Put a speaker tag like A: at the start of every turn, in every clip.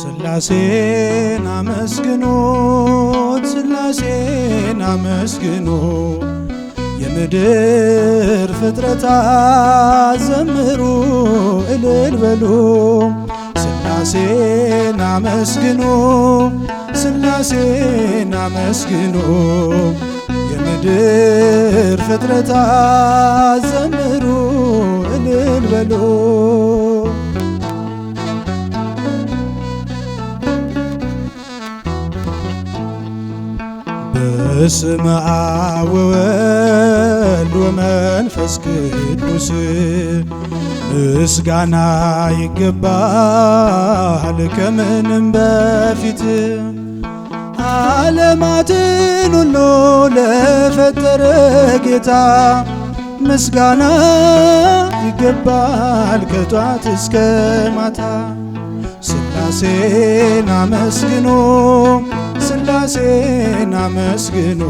A: ስላሴን አመስግኖት ስላሴን አመስግኖ የምድር ፍጥረታት ዘምሩ እልል በሉ ስላሴን አመስግኖ ስላሴን አመስግኖ የምድር ፍጥረታት ዘምሩ እልል በሉ በስመ አብ ወወልድ ወመንፈስ ቅዱስ ምስጋና ይገባል ከምንም በፊት ዓለማትን ሁሉ ለፈጠረ ጌታ ምስጋና ይገባል ከጧት እስከ ማታ ስላሴን አመስግኑ ሥላሴን አመስግኑ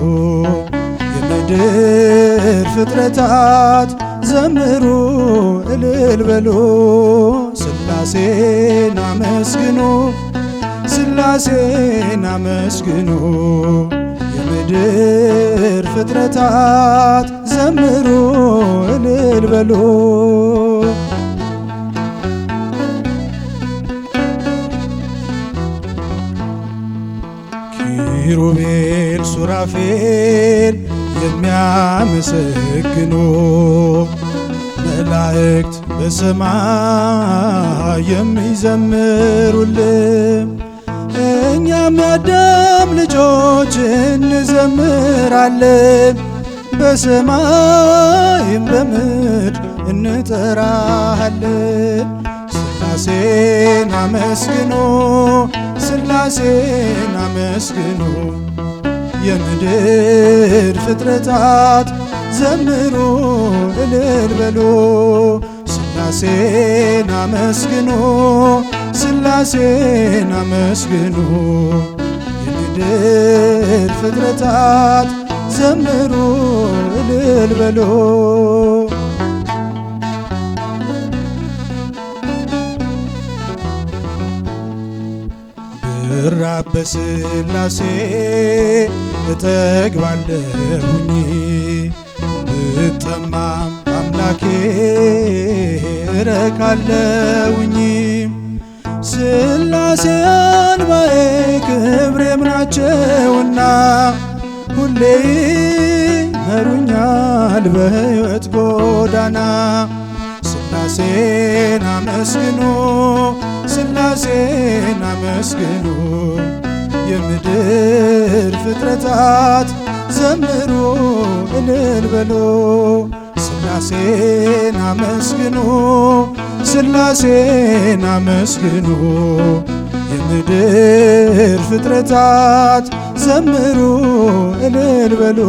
A: የምድር ፍጥረታት ዘምሩ እልል በሉ ስላሴን አመስግኑ ሥላሴን አመስግኑ የምድር ፍጥረታት ዘምሩ እልል በሉ ኪሩቤል ሱራፌል የሚያመሰግኑ መላእክት በሰማይ የሚዘምሩልን እኛም የአዳም ልጆች እንዘምራለን በሰማይም በምድር እንጠራሃለን ስላሴን አመስግኖ ሥላሴን አመስግኑ የምድር ፍጥረታት ዘምሩ እልል በሉ ሥላሴን አመስግኑ ሥላሴን አመስግኑ የምድር ፍጥረታት ዘምሩ እልል በሉ እራብ በስላሴ እጠግባለሁኝ ብጠማም አምላኬ እረካለሁኝ። ስላሴ አንባዬ ክብሬም ናቸውና ሁሌ መሩኛል በሕይወት ጎዳና ስላሴን አመስግኖ ሥላሴን አመስግኑ የምድር ፍጥረታት ዘምሩ እልል በሉ ሥላሴን አመስግኑ ሥላሴን አመስግኑ የምድር ፍጥረታት ዘምሩ እልል በሉ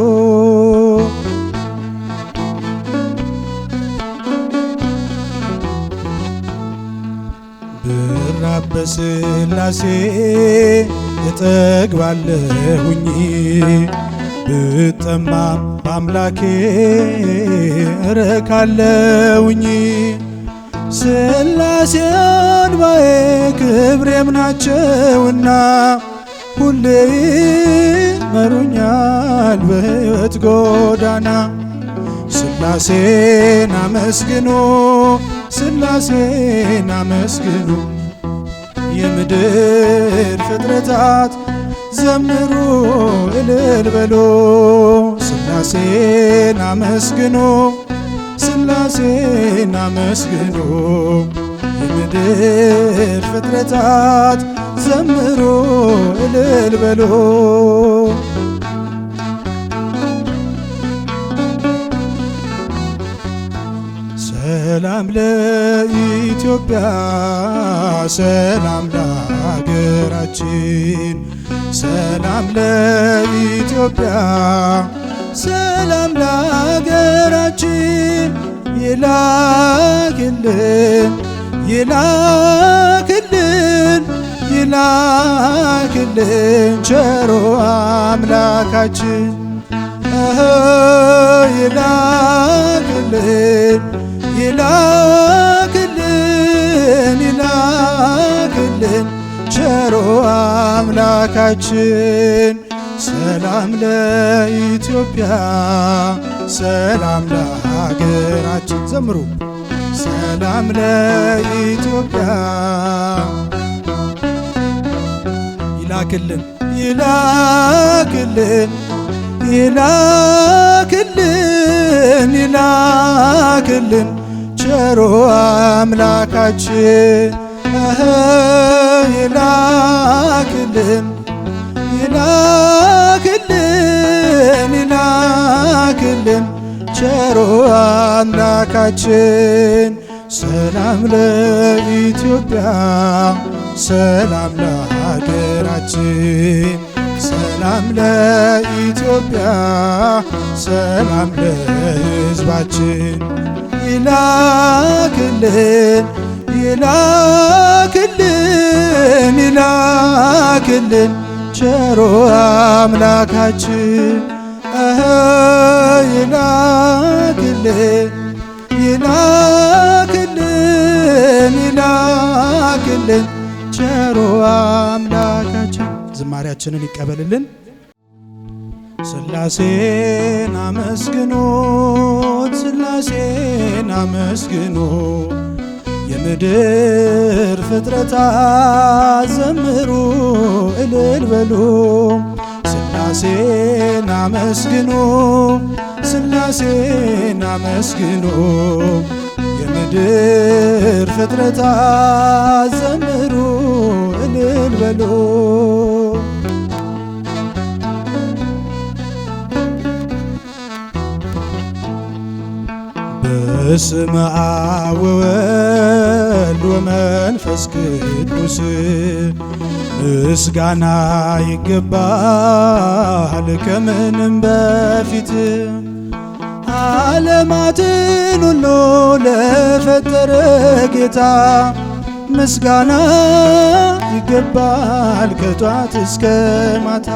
A: በስላሴ እጠግባለሁኝ ብጠማ በአምላኬ እረካለሁኝ። ስላሴ አንባዬ ክብሬም ናቸውና ሁሌ መሩኛል በሕይወት ጎዳና። ስላሴን አመስግኑ፣ ስላሴን አመስግኑ የምድር ፍጥረታት ዘምሩ እልል በሎ ስላሴን አመስግኑ ስላሴን አመስግኑ የምድር ፍጥረታት ዘምሩ እልል በሎ ሰላም ለ ለኢትዮጵያ ሰላም ለሀገራችን፣ ሰላም ለኢትዮጵያ፣ ሰላም ለሀገራችን ይላክልን ይላክልን ይላክልን ቸሮ አምላካችን ይላክልን ቸሮ አምላካችን ሰላም ለኢትዮጵያ ሰላም ለሀገራችን ዘምሩ ሰላም ለኢትዮጵያ ይላክልን ይላክልን ይላክልን ይላክልን ቸሮ አምላካችን ነህ ይላክልን ይላክልን ይላክልን ቸሮ አምላካችን ሰላም ለኢትዮጵያ ሰላም ለሀገራችን ሰላም ለኢትዮጵያ ሰላም ለሕዝባችን ይላክልን ይላክልን ይላክልን ቸሮ አምላካችን ይላክልን ይላክልን ይላክልን ቸሮ አምላካችን ዝማሪያችንን ይቀበልልን። ስላሴን አመስግኑት፣ ስላሴን አመስግኑት የምድር ፍጥረታ ዘምሩ እልል በሉ ስላሴን አመስግኑ ስላሴን አመስግኑ የምድር ፍጥረታ ዘምሩ እልል በሉ በስመ አብ ወወልድ ወመንፈስ ቅዱስ ምስጋና ይገባል ከምንም በፊት ዓለማትን ሁሉ ለፈጠረ ጌታ ምስጋና ይገባል ከጧት እስከ ማታ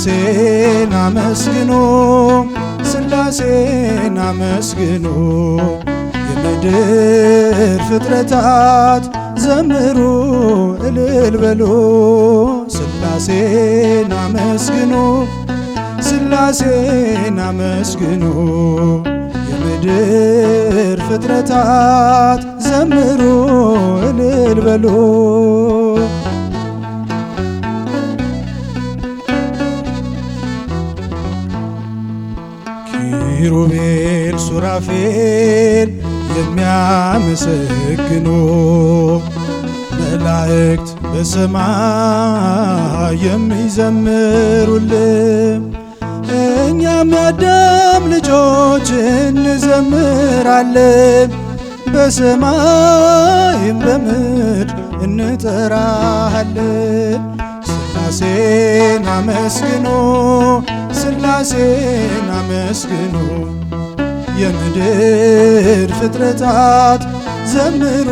A: ሥላሴን አመስግኑ ስላሴን አመስግኑ የምድር ፍጥረታት ዘምሩ እልል በሉ ስላሴን አመስግኑ ስላሴን አመስግኑ የምድር ፍጥረታት ዘምሩ እልል በሉ ኪሩቤል ሱራፌል የሚያመሰግኑ መላእክት በሰማይ የሚዘምሩልን እኛም ያደም ልጆች እንዘምራለን። በሰማይም በምድር እንጠራሃለን። ስላሴን አመስግኖ ሥላሴን አመስግኑ የምድር ፍጥረታት ዘምሩ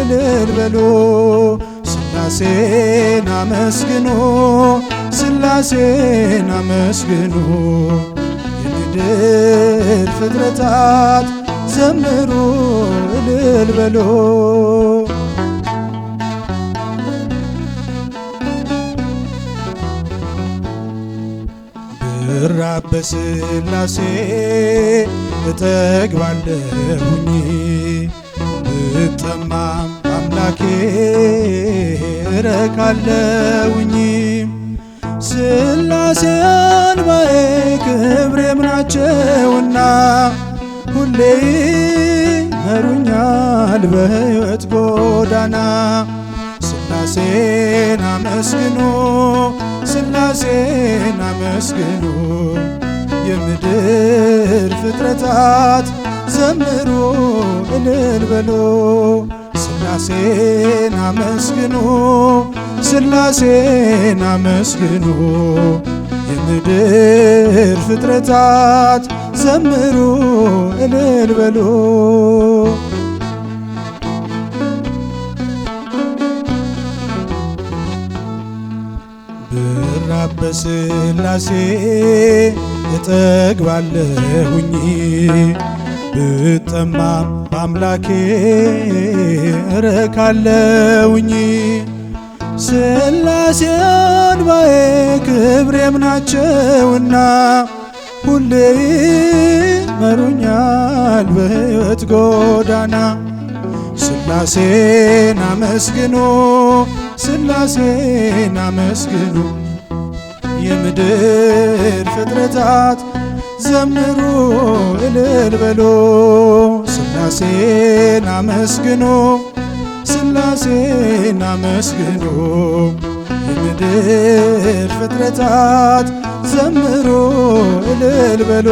A: እልል በሉ ሥላሴን አመስግኑ ሥላሴን አመስግኑ የምድር ፍጥረታት ዘምሩ እልል በሉ ብራብ በስላሴ እጠግባለሁኝ ብጠማም አምላኬ እረካለሁኝ። ስላሴ አንባዬ ክብሬም ምናቸውና ሁሌ መሩኛል በሕይወት ጎዳና ስላሴን አመስግኖ ስላሴን አመስግኑ የምድር ፍጥረታት ዘምሩ እልል በሉ ሥላሴን አመስግኑ ሥላሴን አመስግኑ የምድር ፍጥረታት ዘምሩ እልል በሉ በስላሴ እጠግባለሁኝ ብጠማም በአምላኬ እረካለሁኝ። ስላሴ አንባዬ ክብሬም ናቸውና ሁሌ መሩኛል በሕይወት ጎዳና። ስላሴን አመስግኑ፣ ስላሴን አመስግኑ የምድር ፍጥረታት ዘምሩ እልል በሎ ስላሴን አመስግኖ ስላሴን አመስግኑ የምድር ፍጥረታት ዘምሩ እልል በሎ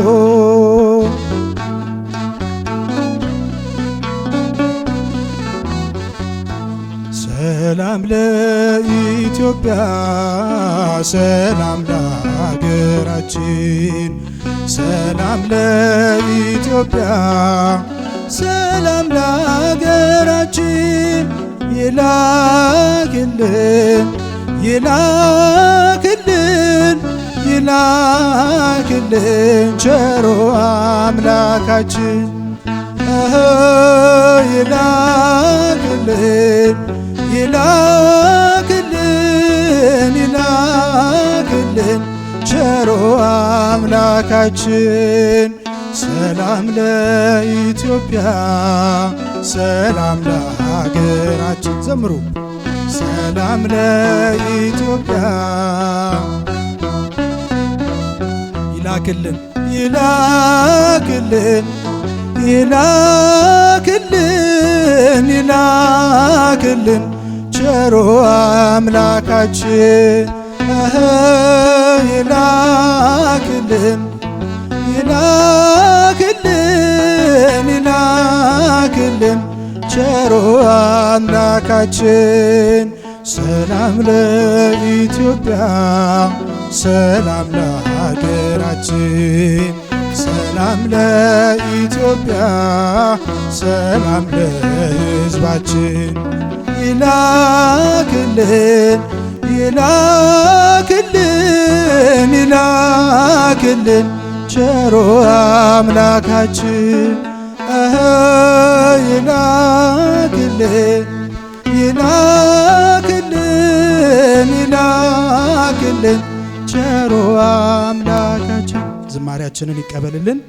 A: ሰላም ለኢትዮጵያ ሰላም ለሀገራችን ሰላም ለኢትዮጵያ ሰላም ለሀገራችን ይላክልን ይላክልን ይላክልን ቸሮ አምላካችን ይላክልን ይላክልን ይላክልን ቸሮ አምላካችን ሰላም ለኢትዮጵያ ሰላም ለሀገራችን ዘምሩ ሰላም ለኢትዮጵያ ይላክልን ይላክልን ይላክልን ይላክልን ቸሩ አምላካችን ይላክልን ይላክልን ይላክልን ቸሩ አምላካችን ሰላም ለኢትዮጵያ ሰላም ለሀገራችን ሰላም ለኢትዮጵያ ሰላም ለሕዝባችን ይላክልን ይላክልን ይላክልን ቸሮ አምላካችን ይላክልን ይላክልን ይላክልን ቸሮ አምላካችን ዝማሪያችንን ይቀበልልን።